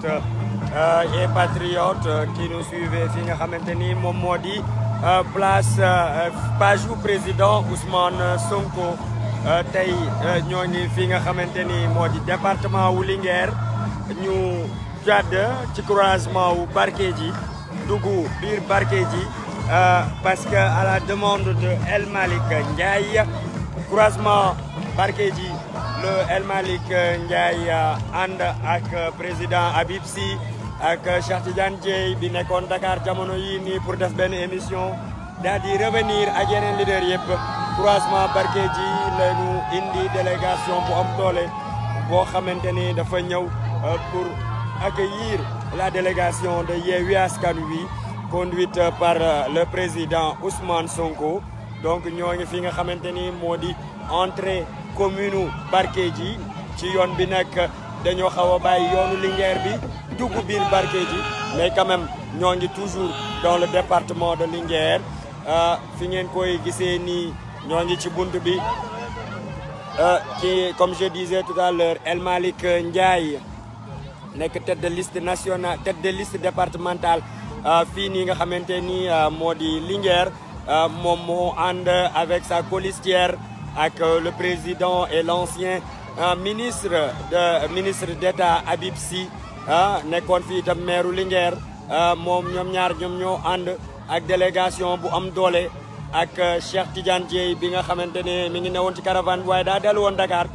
patriotes euh, et patriotes euh, qui nous fi nga xamante ni moom moo di euh, place page bu président Ousmane Sonko tey ñoo ngi fi nga xamante ni moo di département wu Linguère ñu jàdd ci croisement wu Barkédji dugg biir Barkédji parce que à la demande de El Malick Ndiaye croisement Barkédji le El Malick Ndiaye euh, ànd ak euh, président Habib si ak euh, Cheikh Tidiane Dieye bi nekkoon Dakar jamono yii nii pour def benn émission daal di revenir ak yeneen leader yëpp croisement barke ji indi délégation bu am boo xamante ni dafa ñëw pour accueillir la délégation de Yewwi Askan Wi conduite par le président Ousmane Sonko donc ñoo ngi fi nga xamante ni moo di entrée commune Barkédji ci yoon bi nag dañoo xaw a bàyyi yoonu Linguère bi dugg biir Barkédji mais quand ñoo ngi toujours dans le département de Linguère euh, fi ngeen koy gisee nii ñoo ngi ci bunt bi euh, ki comme je disais tout à l'heure El Malick Ndiaye nekk tête de liste nationale tête de liste départementale euh, fii nii nga xamante ni moo di Linguère moom moo ànd avec sa colistière ak euh, le président et l'ancien euh, ministre de ministre d'État Habib Sy ah nekkoon fii itam maire Linguère ah, moom ñoom ñaar ñoom ñoo ànd ak délégation bu am doole ak euh, Cheikh Tidiane Dieye bi nga xamante ne mi ngi newoon ci caravane waaye daa dellu woon Dakar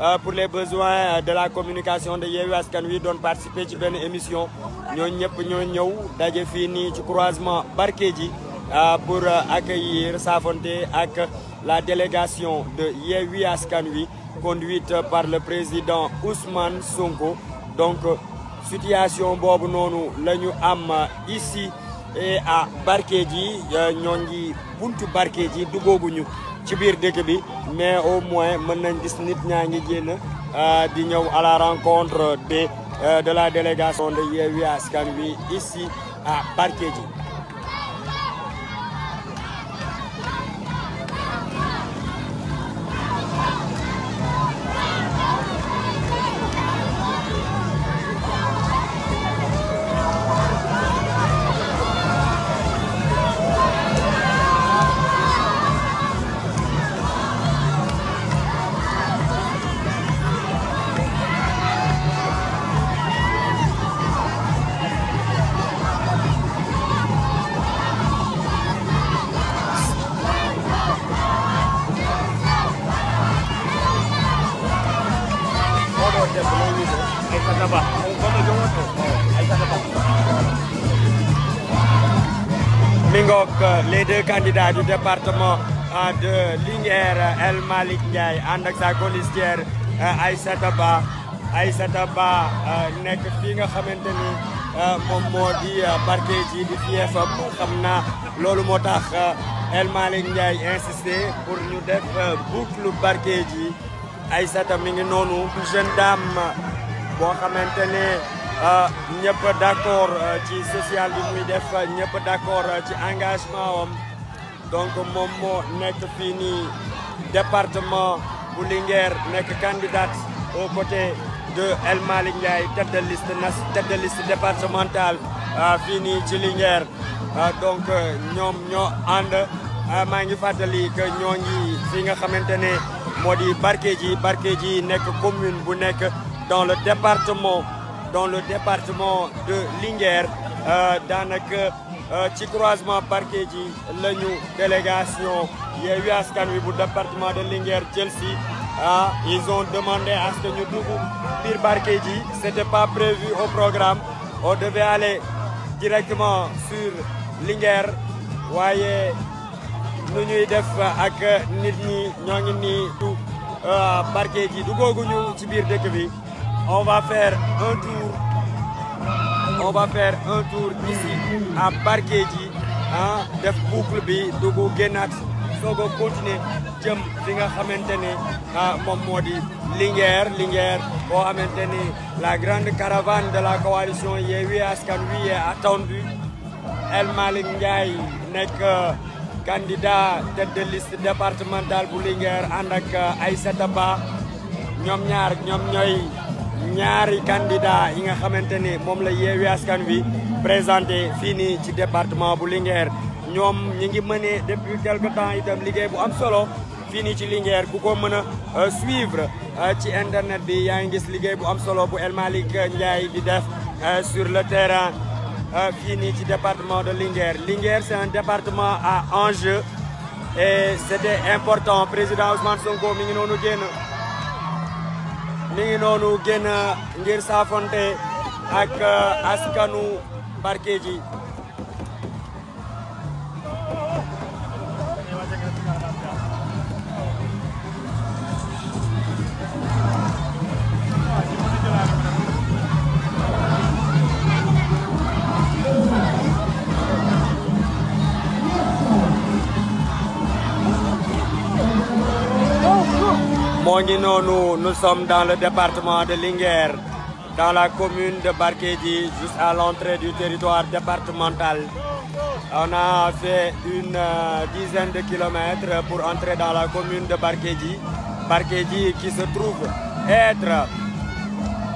ah, pour les besoins de la communication de Yewwi Askan wii doon participer ci benn émission ñoo ñëpp ñoo ñëw daje fii nii ci croisement Barkédji ah, pour accueillir saafonte ak la délégation de Yewi Askanui conduite par le président Ousmane Sonko. Donc, situation boobu noonu la ñu am ici et à Barkédji ñoo ngi buntu Barkédji dugooguñu ci biir dëkk bi mais au moins mën nañ gis nit ñaa ngi génn euh, di ñëw à la rencontre de euh, de la délégation de Yewwi Askan Wi ici à Barkédji candidat du département euh, de Linguère El Malick Ndiaye ànd ak sa colistière euh, Aïssata Ba euh, nekk fii nga xamante ni moom moo di parquet di fief am xam na loolu moo tax El Malick Ndiaye insisté pour ñu def boucle parquet ji Aïssata mi ngi noonu jeune dame boo ne ñëpp d'accord ci social bi muy def ñëpp d'accord ci engagement am donc moom moo nekk fii nii département bu Linguère nekk candidate au côté de El Malick Ndiaye de liste nas tête de liste départementale euh, fii nii ci Linguère euh, donc euh, ñoom ñoo ànd maa ngi fàttali que ñoo ngi fi nga xamante ne moo di Barkédji Barkédji nekk commune bu nekk dans le département dans le département de Linguère daanaka Euh, ci croisement parquet ji lañu délégation Yewwi Askan Wi bu département de Linguère jël si ah ils ont demandé à ce que ñu dugg biir parquet c'était pas prévu au programme on devait aller directement sur Linguère waaye nu ñuy def ak nit ñi ñoo ngi nii du euh, parquet ji duggooguñu ci biir dëkk bi on va faire un tour on va faire un tour ici à Barkédji ah def boucle bi dugg génnaat soog a continuer jëm fi nga xamante ne ah moom moo di Linguère Linguère boo xamante ni la grande caravane de la coalition Yewwi Askan Wi est attendue El Malick Ndiaye nekk euh, candidat de liste départementale bu Linguère ànd ak euh, Aïssata Ba ñoom ñaar ñoom ñooy. ñaari candidat yi nga xamante ni moom la Yewwi Askan Wi présenté fii nii ci département bu Linguère ñoom ñi ngi mënee depuis quelque temps itam liggéey bu am solo fii nii ci Linguère ku ko mën a euh, suivre euh, ci internet bi yaa ngi gis liggéey bu am solo bu El Malick Ndiaye di def euh, sur le terrain fii nii ci département de Linguère Linguère c'est un département à enjeu et c'était important président Ousmane Sonko mi ngi noonu génn mi ngi noonu génn ngir saafonte ak uh, askanu Barkédji moo ngi noonu nous sommes dans le département de Linguère dans la commune de Barkédji juste à l'entrée du territoire départemental on a fait une euh, dizaine de kilomètres pour entrer dans la commune de Barkédji Barkédji qui se trouve être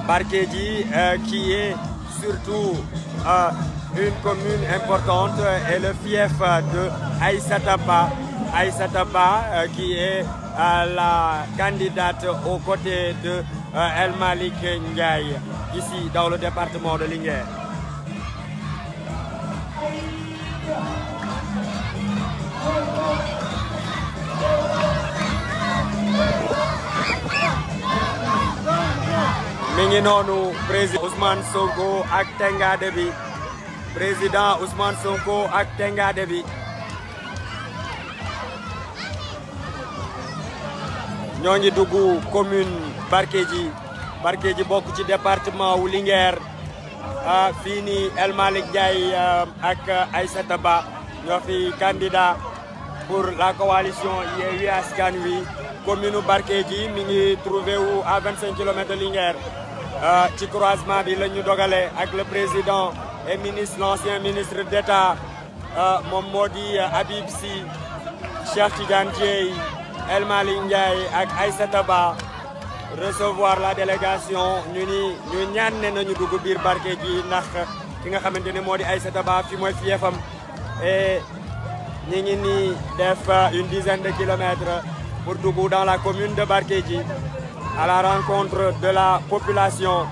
Barkédji euh, qui est surtout euh, une commune importante et le fief de Aïssataba Aïssataba qui est à la candidate aux côtés de euh, El Malik Ndiaye, ici dans le département de Linguère. mi ngi noonu président Ousmane Sonko ak tengaade bi ak tengaade bi ñoo ngi dugg commune Barkédji Barkédji bokk ci département wu Linguère ah fii nii El Malick Ndiaye euh, ak Aïssata Ba ñoo fi candidat pour la coalition Yewwi Askan Wi commune u Barkédji mi ngi trouvé wu à 25 euh, ci croisement bi la ñu dogale ak le président et ministre l'ancien ministre d'État euh, moom moo di Habib Sy Cheikh Tidiane Dièye El Malick Ndiaye ak Aïssata Ba recevoir la délégation ñu ni ñaan ne nañu dugg biir barke gi ndax ki nga xamante ne moo di Aïssata Ba fi mooy fiefam et ñi ngi ni def une dizaine de kilomètres pour dugg dans la commune de Barkedji à la rencontre de la population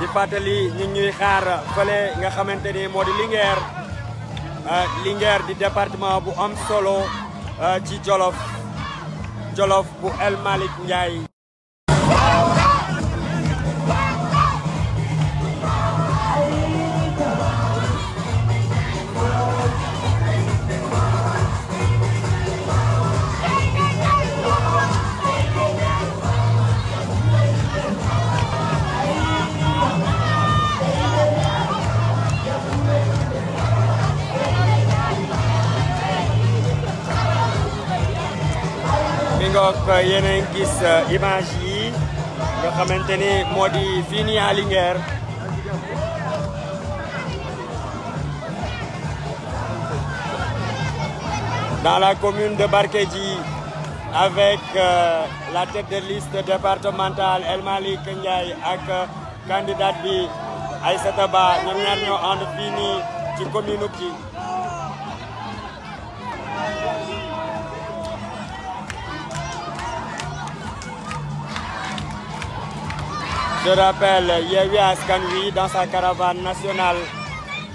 di fàttali ñu ñuy xaar fële nga xamante ni moo di Linguère euh, Linguère di département bu am solo Euh, ci Jolof Jolof bu El Malick Ndiaye ngoog yéen a ngi gis euh, image yi nga xamante ni moo di fii nii à Linguère dans la commune de Barkedji avec euh, la tête de liste départementale El Malick Ndiaye ak euh, candidate bi Aïssata Ba ñoom ñaar ñoo ànd fii nii ci commune ci je rappelle Yewwi Askan Wi dans sa caravane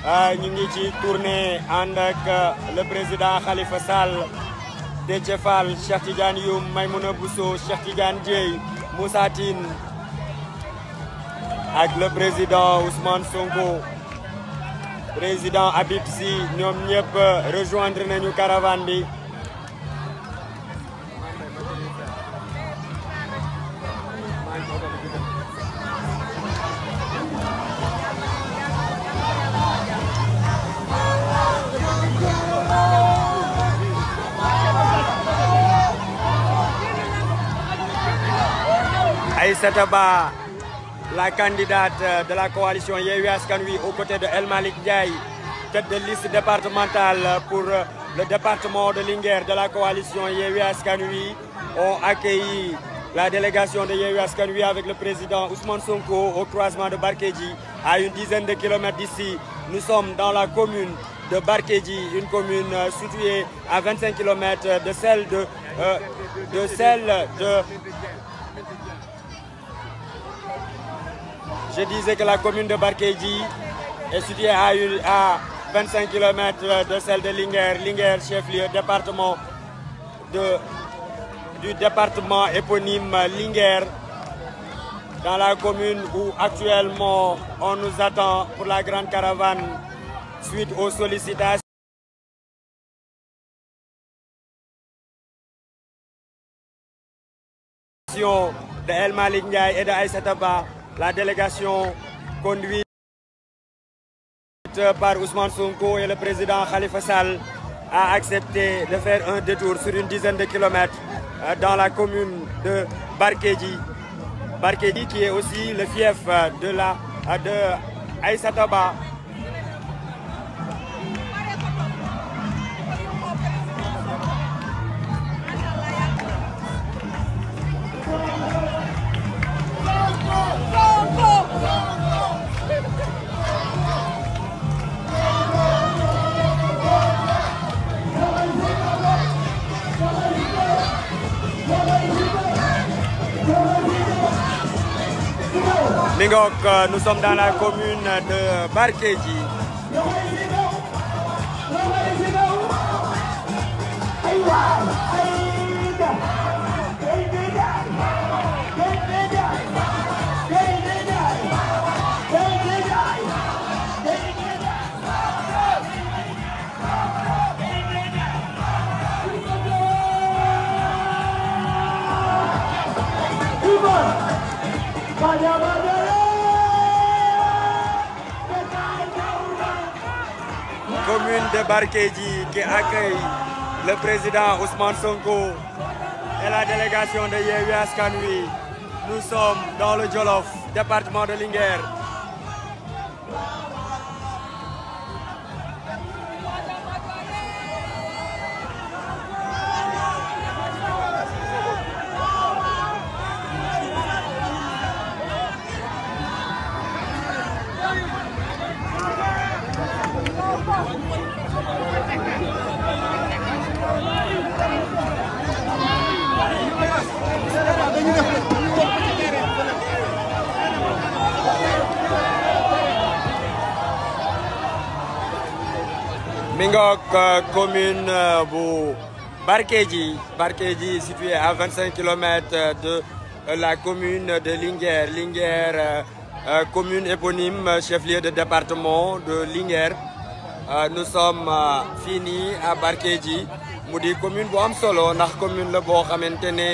euh, ñu ngi ci tournée ànd ak euh, le président Khalifa Sall Déthié Fall Cheikh Tidiane Youm Maimouna Bousso Cheikh Tidiane Dieye Moussa ak le président Ousmane Sonko président Habib Sy ñoom ñëpp euh, rejoindre nañu caravane bi Aïssata Ba la candidate euh, de la coalition Yewwi Askan Wi aux côtés de El Malick Ndiaye tête de liste départementale euh, de Linguère de la coalition Yewwi Askan Wi ont accueilli de Yewwi Askan Wi le président Ousmane Sonko au croisement de Barkédji à une dizaine de kilomètres la commune de une commune euh, située à 25 de celle Je disais que la commune de Barkédji est située à, à 25 km de celle de Linguère, Linguère chef-lieu département de, du département éponyme Linguère, dans la commune où actuellement on nous attend pour la grande caravane suite aux sollicitations. de El et de Aïssata La délégation conduite par Ousmane Sonko et le président Khalifa Sall a accepté de faire un détour sur une dizaine de kilomètres euh, dans la commune de Barkedji. Barkedji qui est aussi le fief euh, de la euh, de Aïsataba, Mingok, euh, nous sommes dans la commune de Barkedji. Barkédji qui accueille le président Ousmane Sonko et la délégation de Yewwi Askan Wi. Nous sommes dans le Jolof, département de Linguère. One, one, one. ñi nga euh, commune euh, bu Barkédji Barkédji situé à kilomètres euh, de la commune de Linguère Linguère commune éponyme chef de département de Linguère nous sommes fii nii à Barkédji mu di commune bu am solo ndax commune la boo xamante ne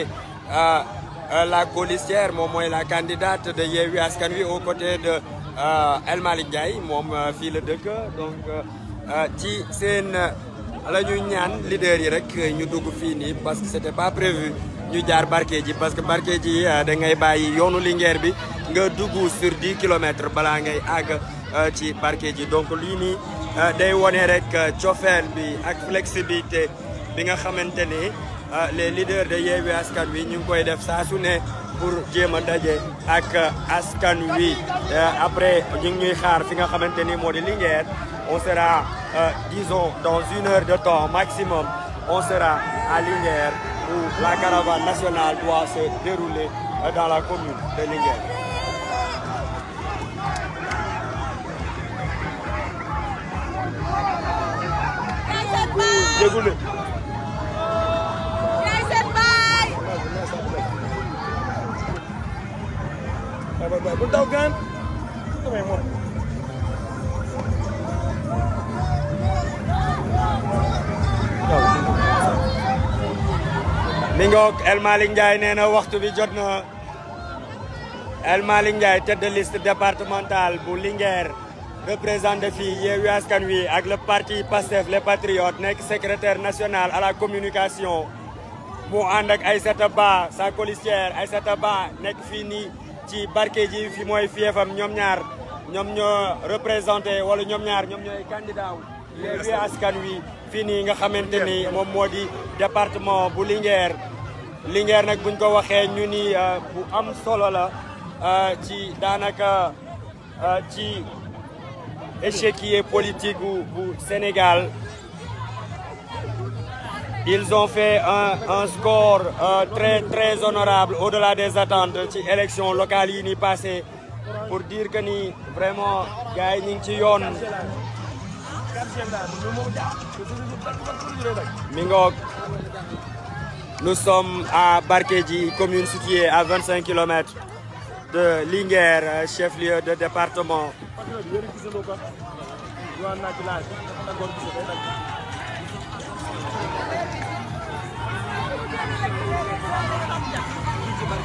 la colistière moom mooy la candidate de Yewwi Askan Wi aux côtés de El Malick Ndiaye moom fii la dëkk Ah, ci seen ah, la ñu ñaan lideer yi rek ñu dugg fii nii parce que c'était pas prévu ñu jaar Barkédji parce que Barkédji ah, da ngay bàyyi yoonu Linguère bi nga duggu sur 10 kilomètres balaa ngay àgg ci Barkédji donc lii nii day wone rek cofeel bi ak flexibilité bi nga xamante ni les leaders dey Yewwi Askan Wi ñu ngi koy def saa su ne. pour jéem a daje ak askan euh, après ñu ngi xaar fi nga xamante ni moo di Linguère on sera euh, disons dans une heure de temps maximum on sera à Linguère où la caravane nationale doit se dérouler euh, dans la commune de Linguère. bay bay bay bul daw gaan damay moom mi ngoog El Malick Ndiaye nee na waxtu bi jot na El Malick Ndiaye tête de liste départementale bu Linguère représenté fii Yewwi Askan Wi ak le parti Pastef les Patriotes nekk secrétaire national à la communication mu ànd ak Aïssata Ba sa colistière Aïssata Ba nekk fii nii ci barke ji fi mooy fam ñoom ñaar ñoom ñoo représenté wala ñoom ñaar ñoom ñoo candidat wu Askan Wi fii nii nga xamante ni moom moo di département bu Linguère Linguère nag buñ ko waxee ñu ni euh, bu am solo la euh, ci daanaka euh, ci échiquier politique bu Sénégal ils ont fait un un score euh, très très honorable au-delà des attentes ci élection locale yi ni passé pour dire que ni vraiment gars yi ñu ngi ci yoon. mi ngoog nous sommes à Barkedji commune située à 25 kilomètres de Linguère chef-lieu de département.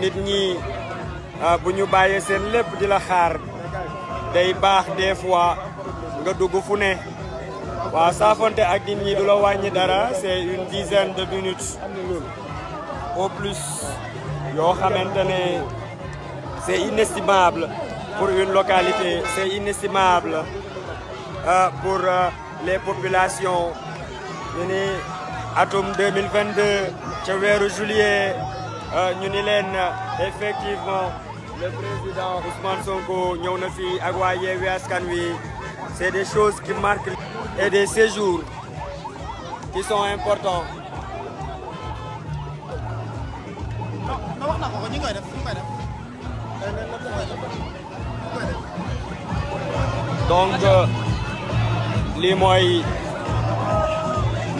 nit ñi ah, bu ñu bàyyee seen lépp di la xaar day baax des fois nga dugg fu ne waaw saafonte ak nit ñi du la wàññi dara c'est une dizaine de minutes au plus yoo xamante ne c'est inestimable pour une localité c'est inestimable ah, pour ah, les populations ñu ni atum ca weeru juillet Euh, ñu ni leen effectivement le président Ousmane Sonko ñëw na fii ak waa Askan Wi c'est des choses qui marquent et des séjours qui sont importants donc euh, lii mooy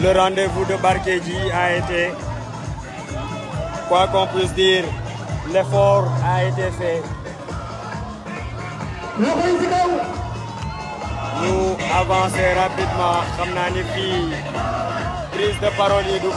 le rendez-vous de Barkedji a été quoi qu'on puisse dire, l'effort a été fait. Nous avancer rapidement, comme Nani prise de parole du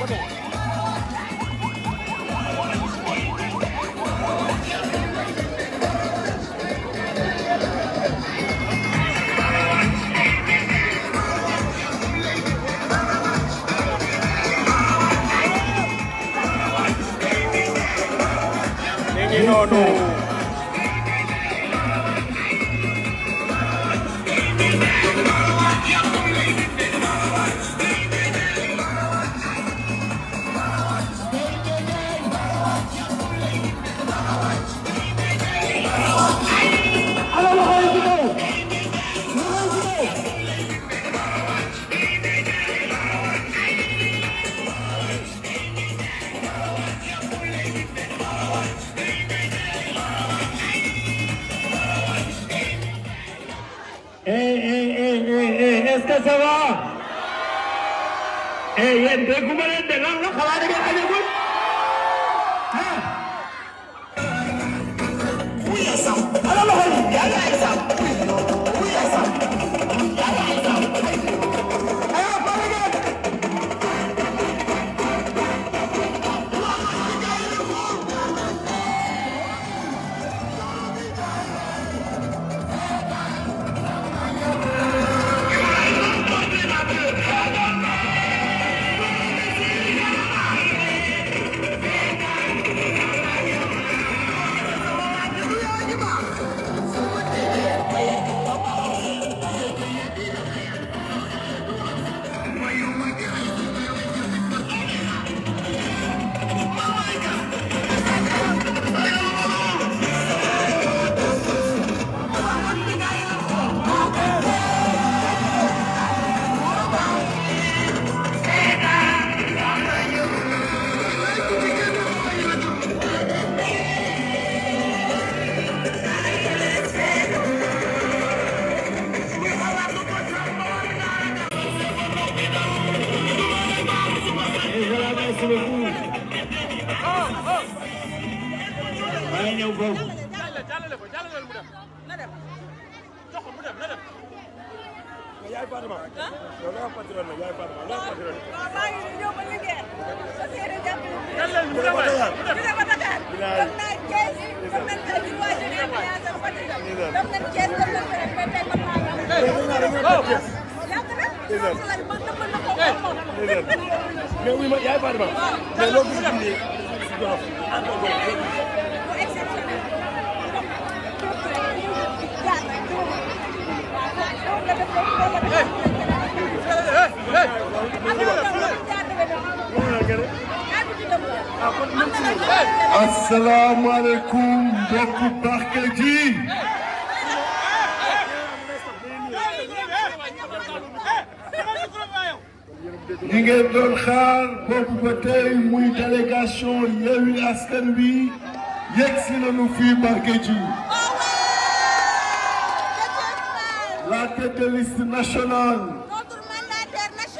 Come on. Keshava ఏ ఏం ಬೇಕು ಮನೆ ಬೆಂಗಳೂರು ಕಲಾಡಿಗೆ ಕಲಿಯಬೇಕು ಹಾ ಉಯ್ಯಸ ಅಲ್ಲ mais oui ma yaay Fatima mais loolu gis nañu ne asalaamaaleykum mbokku barke ji ñi ngeen doon xaar boobu muy délégation Yewwi Askan Wi yegg si nañu fii barke ji la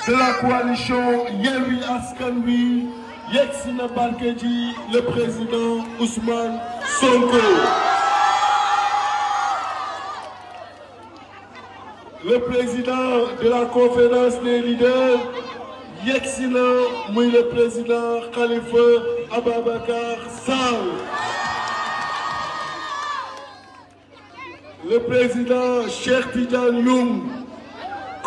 de la coalition Yewwi Askan Wi yegsi na barke ji le président Ousmane Sonko. le président de la conférence des leaders yegsi na muy le président Khalifa Ababacar Sall. le président Cheikh Tidiane Loum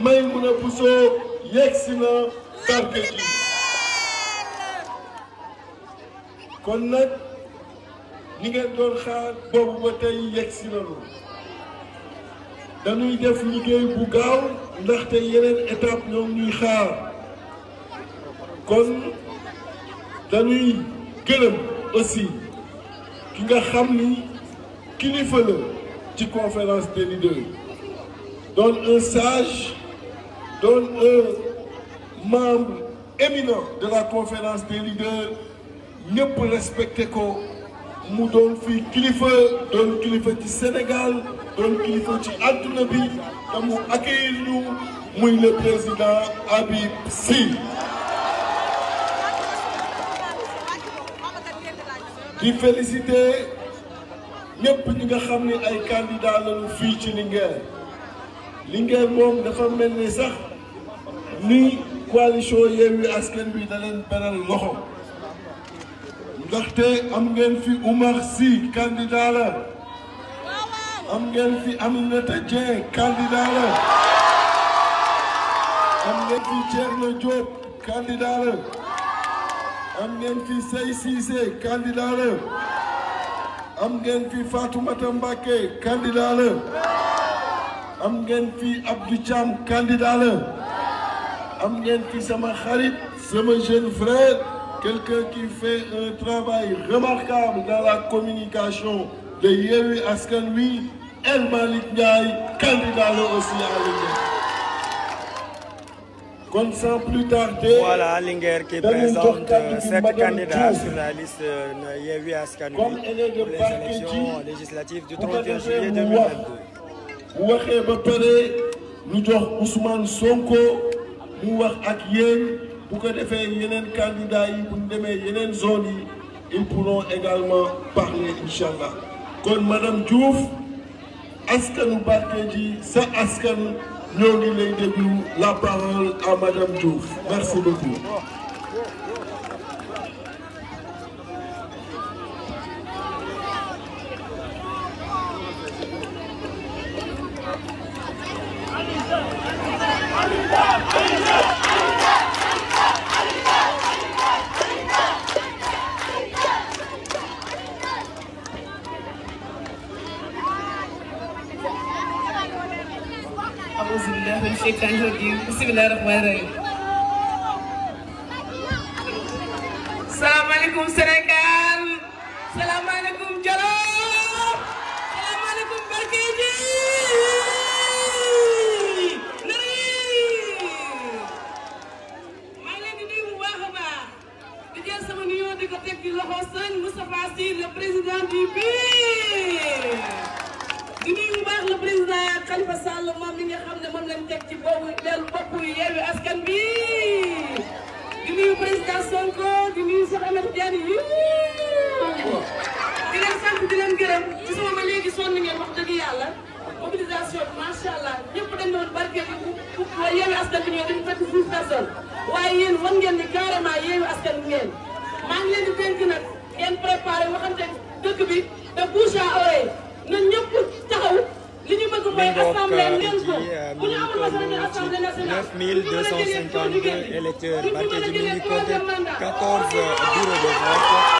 Maimouna Bousso yegsi na Barkédji kon nag ñi ngeen doon xaar boobu ba tey yegsi nañu dañuy def liggéey bu gaaw ndaxte yeneen étape ñoom ñuy xaar kon dañuy gërëm aussi ki nga xam ni kilifa la ci conférence des leaders doon un sage donc un membre éminent de la conférence des leaders ñëpp respecté ko mu doon fii kilifa doon kilifa ci Sénégal doon kilifa ci àdduna bi te mu accueillir ñu muy le président Habib Sy di félicité ñëpp ñi nga xam ni ay candidats lañu fii ci Linguère Linguère moom dafa mel ni sax ni coalition Yewwi Askan Wi da leen beral loxo ndaxte am ngeen fi Oumar Sy candidat la am ngeen fi Aminata Dieng candidat la am ngeen fi Thierno Diop candidat la am ngeen fi Sey Cissé candidat la am ngeen fi Fatoumata Mbacké candidat la am ngeen fi Abdou Thiam candidat la am ngeen fi sama xarit sama jeune frère quelqu'un qui fait un travail remarquable dans la communication de Yewwi Askan Wi El Malick Ndiaye candidat la aussi à Linguère kon sans plus tarder voilà Linguère qui présente euh, sept candidats sur la liste euh, Yewwi Askan Wi pour les élections législatives du 31 juillet 2022 bu waxee ba pare ñu jox Ousmane Sonko mu wax ak yéen bu ko defee yeneen candidats yi bu demee yeneen zones yi ils pourront également parler incha allah kon madame Diouf askanu Barke ji sa askan ñoo ngi lay déglu la parole à madame Diouf merci beaucoup. bismillah rahmaan rahim salaamaaleykum Sénégal salaamaaleykum Jolof salaamaaleykum Barkéji nari maa ngi leen di nuyu bu baax a baax di jël sama nuyoo di ko teg ci loxo sëñ Moustapha Sy le président du PUR di nuyu bu baax le président Khalifa Sall moom mi nga xam ne moom lañ teg ci boobu leelu boppu yeewi askan bi di nuyu président Sonko di di leen sant di léegi sonn ngeen wax dëgg yàlla mobilisation bi macha allah ñëpp dañ doon barkeel bu bu yeewi askan bi ñëw dañu fekk six personnes waaye yéen wan ngeen ni carrément yeewi askan bi ngeen maa ngi leen di dénk nag ngeen préparé waxante dëkk bi de bouche à mais assemblée ngeen ko bu ñu amul majorité assemblée nationale 9252 électeurs Barthélémy ñu ngi compté 14 bureaux de vote